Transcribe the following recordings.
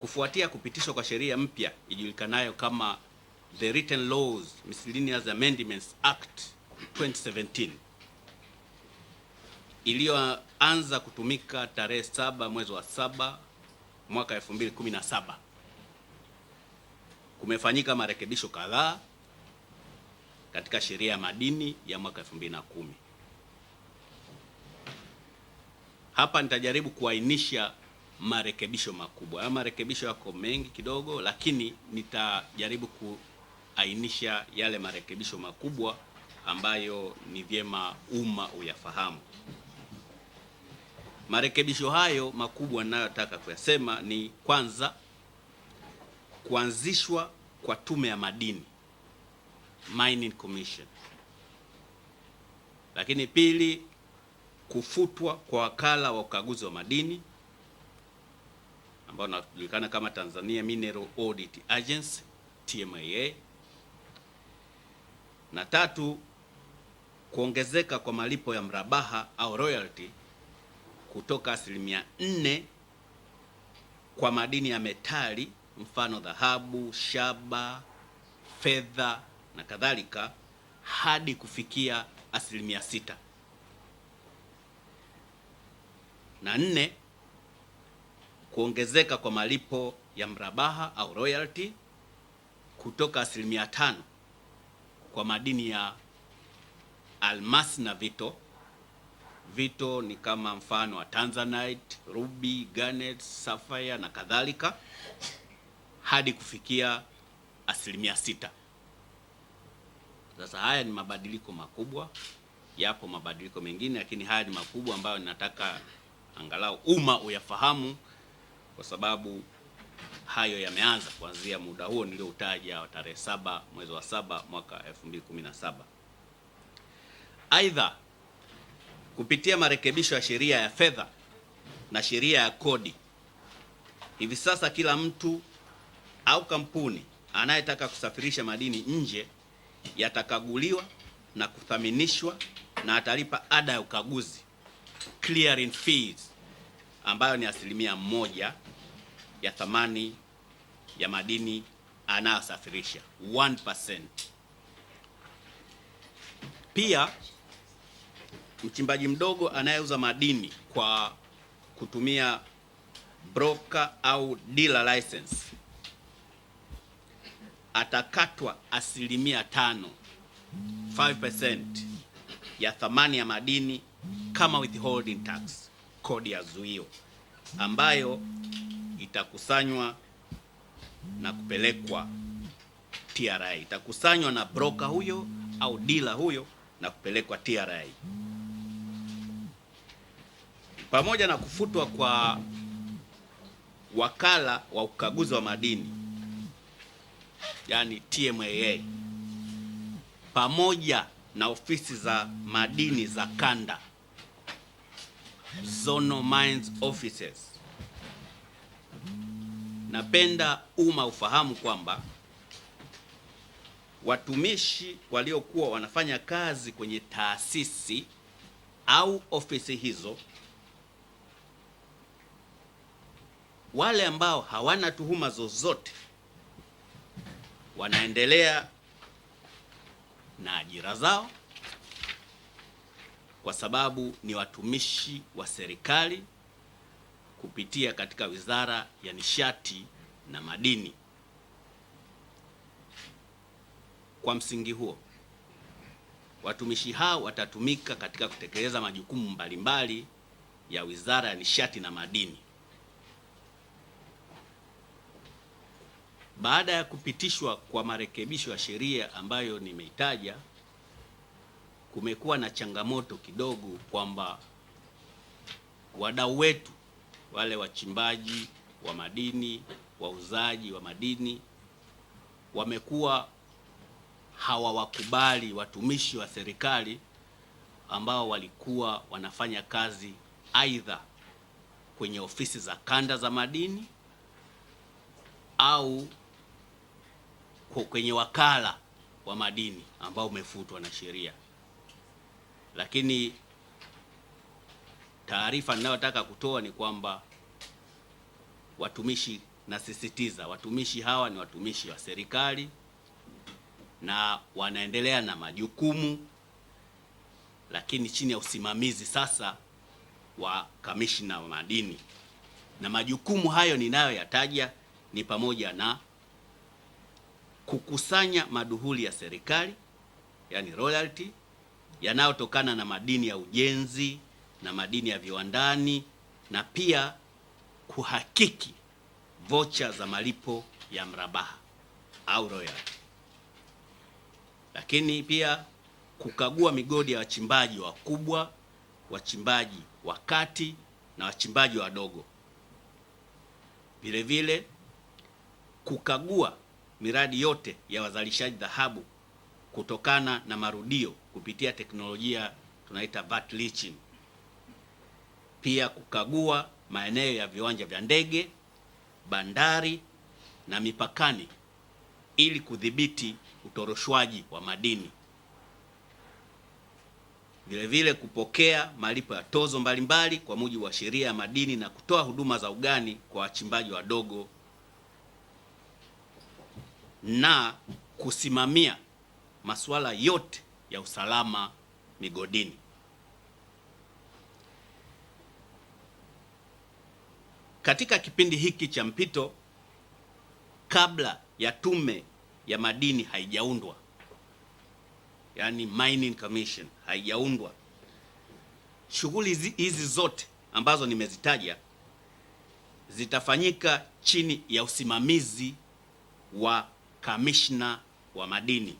Kufuatia kupitishwa kwa sheria mpya ijulikanayo kama The Written Laws Miscellaneous Amendments Act 2017 iliyoanza kutumika tarehe 7 mwezi wa saba mwaka 2017, kumefanyika marekebisho kadhaa katika sheria ya madini ya mwaka 2010. Hapa nitajaribu kuainisha marekebisho makubwa. Haya marekebisho yako mengi kidogo, lakini nitajaribu kuainisha yale marekebisho makubwa ambayo ni vyema umma uyafahamu. Marekebisho hayo makubwa ninayotaka kuyasema ni kwanza, kuanzishwa kwa tume ya madini Mining Commission, lakini pili, kufutwa kwa wakala wa ukaguzi wa madini ambao unajulikana kama Tanzania Mineral Audit Agency TMA, na tatu, kuongezeka kwa malipo ya mrabaha au royalty kutoka asilimia nne kwa madini ya metali mfano dhahabu, shaba, fedha na kadhalika hadi kufikia asilimia sita. Na nne, kuongezeka kwa malipo ya mrabaha au royalty kutoka asilimia tano kwa madini ya almasi na vito. Vito ni kama mfano wa tanzanite, ruby, garnet, sapphire na kadhalika hadi kufikia asilimia sita. Sasa haya ni mabadiliko makubwa, yapo mabadiliko mengine, lakini haya ni makubwa ambayo ninataka angalau umma uyafahamu kwa sababu hayo yameanza kuanzia muda huo nilioutaja wa tarehe saba mwezi wa saba mwaka 2017. Aidha, kupitia marekebisho ya sheria ya fedha na sheria ya kodi, hivi sasa kila mtu au kampuni anayetaka kusafirisha madini nje yatakaguliwa na kuthaminishwa na atalipa ada ya ukaguzi clearing fees ambayo ni asilimia moja ya thamani ya madini anayosafirisha 1%. Pia mchimbaji mdogo anayeuza madini kwa kutumia broker au dealer license atakatwa asilimia tano 5% ya thamani ya madini kama withholding tax, kodi ya zuio ambayo itakusanywa na kupelekwa TRA, itakusanywa na broker huyo au dealer huyo na kupelekwa TRA. Pamoja na kufutwa kwa wakala wa ukaguzi wa madini yani TMAA, pamoja na ofisi za madini za kanda, Zonal Mines Offices Napenda umma ufahamu kwamba watumishi waliokuwa wanafanya kazi kwenye taasisi au ofisi hizo, wale ambao hawana tuhuma zozote wanaendelea na ajira zao kwa sababu ni watumishi wa serikali kupitia katika Wizara ya Nishati na Madini. Kwa msingi huo, watumishi hao watatumika katika kutekeleza majukumu mbalimbali ya Wizara ya Nishati na Madini. Baada ya kupitishwa kwa marekebisho ya sheria ambayo nimeitaja, kumekuwa na changamoto kidogo kwamba wadau wetu wale wachimbaji wa madini, wauzaji wa madini wamekuwa hawawakubali watumishi wa serikali ambao walikuwa wanafanya kazi aidha kwenye ofisi za kanda za madini au kwenye wakala wa madini ambao umefutwa na sheria, lakini Taarifa ninayotaka kutoa ni kwamba watumishi, nasisitiza watumishi hawa ni watumishi wa serikali na wanaendelea na majukumu, lakini chini ya usimamizi sasa wa kamishna wa madini, na majukumu hayo ninayoyataja ni pamoja na kukusanya maduhuli ya serikali, yani royalty yanayotokana na madini ya ujenzi na madini ya viwandani na pia kuhakiki vocha za malipo ya mrabaha au royal, lakini pia kukagua migodi ya wachimbaji wakubwa, wachimbaji wa kati na wachimbaji wadogo. Vile vile kukagua miradi yote ya wazalishaji dhahabu kutokana na marudio kupitia teknolojia tunaita vat leaching pia kukagua maeneo ya viwanja vya ndege, bandari na mipakani ili kudhibiti utoroshwaji wa madini. Vile vile kupokea malipo ya tozo mbalimbali kwa mujibu wa sheria ya madini na kutoa huduma za ugani kwa wachimbaji wadogo na kusimamia masuala yote ya usalama migodini. Katika kipindi hiki cha mpito kabla ya tume ya madini haijaundwa, yani Mining Commission haijaundwa, shughuli hizi zote ambazo nimezitaja zitafanyika chini ya usimamizi wa kamishna wa madini.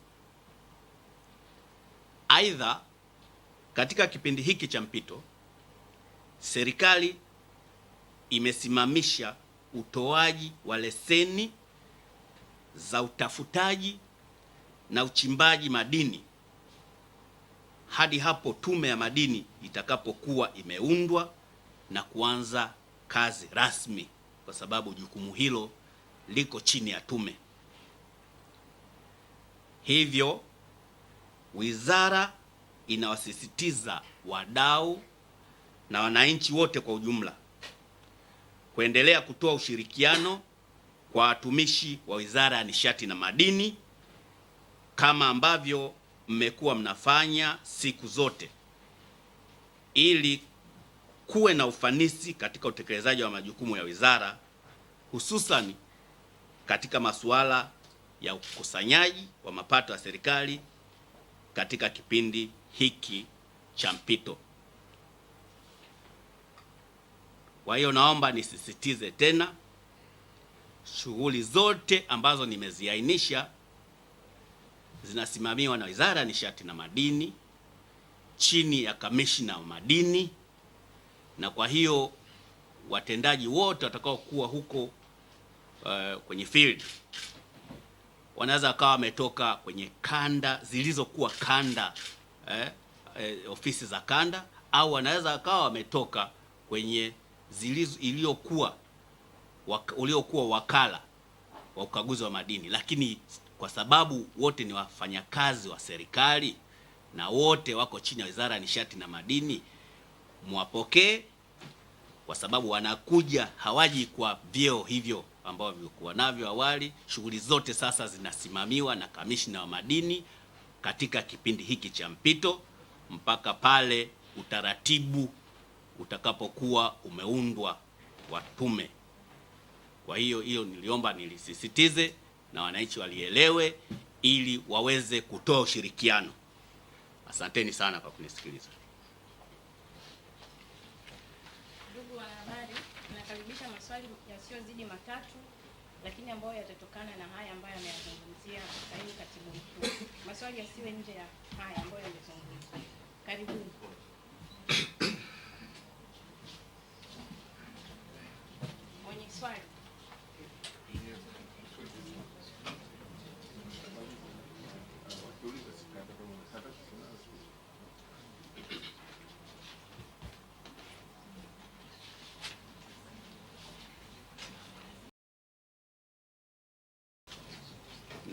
Aidha, katika kipindi hiki cha mpito serikali imesimamisha utoaji wa leseni za utafutaji na uchimbaji madini hadi hapo Tume ya Madini itakapokuwa imeundwa na kuanza kazi rasmi, kwa sababu jukumu hilo liko chini ya tume. Hivyo wizara inawasisitiza wadau na wananchi wote kwa ujumla kuendelea kutoa ushirikiano kwa watumishi wa Wizara ya Nishati na Madini kama ambavyo mmekuwa mnafanya siku zote ili kuwe na ufanisi katika utekelezaji wa majukumu ya wizara, hususan katika masuala ya ukusanyaji wa mapato ya serikali katika kipindi hiki cha mpito. Kwa hiyo naomba nisisitize tena, shughuli zote ambazo nimeziainisha zinasimamiwa na Wizara ya Nishati na Madini chini ya kamishna wa madini, na kwa hiyo watendaji wote watakaokuwa huko uh, kwenye field wanaweza wakawa wametoka kwenye kanda zilizokuwa kanda eh, eh, ofisi za kanda au wanaweza wakawa wametoka kwenye iliyokuwa uliokuwa wakala wa ukaguzi wa madini, lakini kwa sababu wote ni wafanyakazi wa serikali na wote wako chini ya Wizara ya Nishati na Madini, mwapokee kwa sababu wanakuja, hawaji kwa vyeo hivyo ambao vilikuwa navyo awali. Shughuli zote sasa zinasimamiwa na kamishna wa madini katika kipindi hiki cha mpito mpaka pale utaratibu utakapokuwa umeundwa wa tume. Kwa hiyo hiyo niliomba nilisisitize na wananchi walielewe ili waweze kutoa ushirikiano. Asanteni sana kwa kunisikiliza. Ndugu wanahabari, nakaribisha maswali yasiyozidi matatu lakini ambayo yatatokana na haya ambayo ameyazungumzia sahihi katibu mkuu. Maswali yasiwe nje ya haya ambayo yamezungumzwa. Karibuni.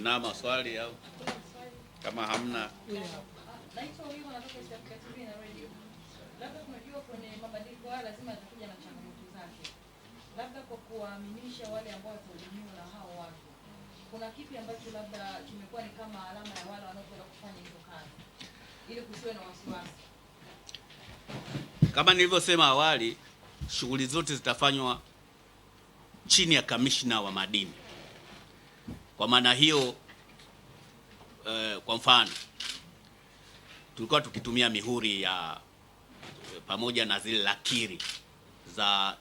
Mna maswali au kama hamna? kama Kama nilivyosema awali, shughuli zote zitafanywa chini ya kamishna wa madini. Kwa maana hiyo eh, kwa mfano tulikuwa tukitumia mihuri ya eh, pamoja na zile lakiri za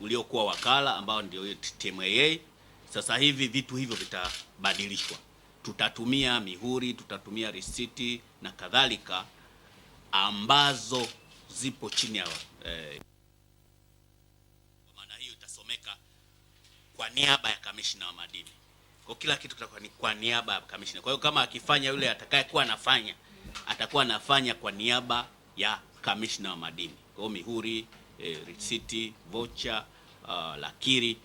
uliokuwa wakala ambao ndio TMAA. Sasa hivi vitu hivyo vitabadilishwa, tutatumia mihuri, tutatumia risiti na kadhalika ambazo zipo chini ya eh, maana hiyo itasomeka kwa niaba ya kamishina wa madini. Kwa kila kitu kitakuwa ni kwa niaba ya kamishna. Kwa hiyo kama akifanya yule atakayekuwa anafanya atakuwa anafanya kwa niaba ya kamishna wa madini. Kwa hiyo mihuri, e, eh, risiti, vocha, uh, lakiri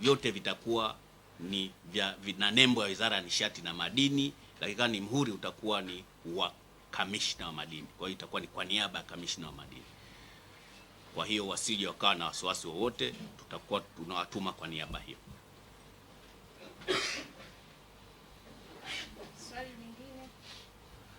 vyote vitakuwa ni vya, na nembo ya Wizara ya Nishati na Madini, lakini kama ni mhuri utakuwa ni wa kamishna wa madini. Kwa hiyo itakuwa ni kwa niaba ya kamishna wa madini. Kwa hiyo wasije wakawa na wasiwasi wowote, tutakuwa tunawatuma kwa niaba hiyo.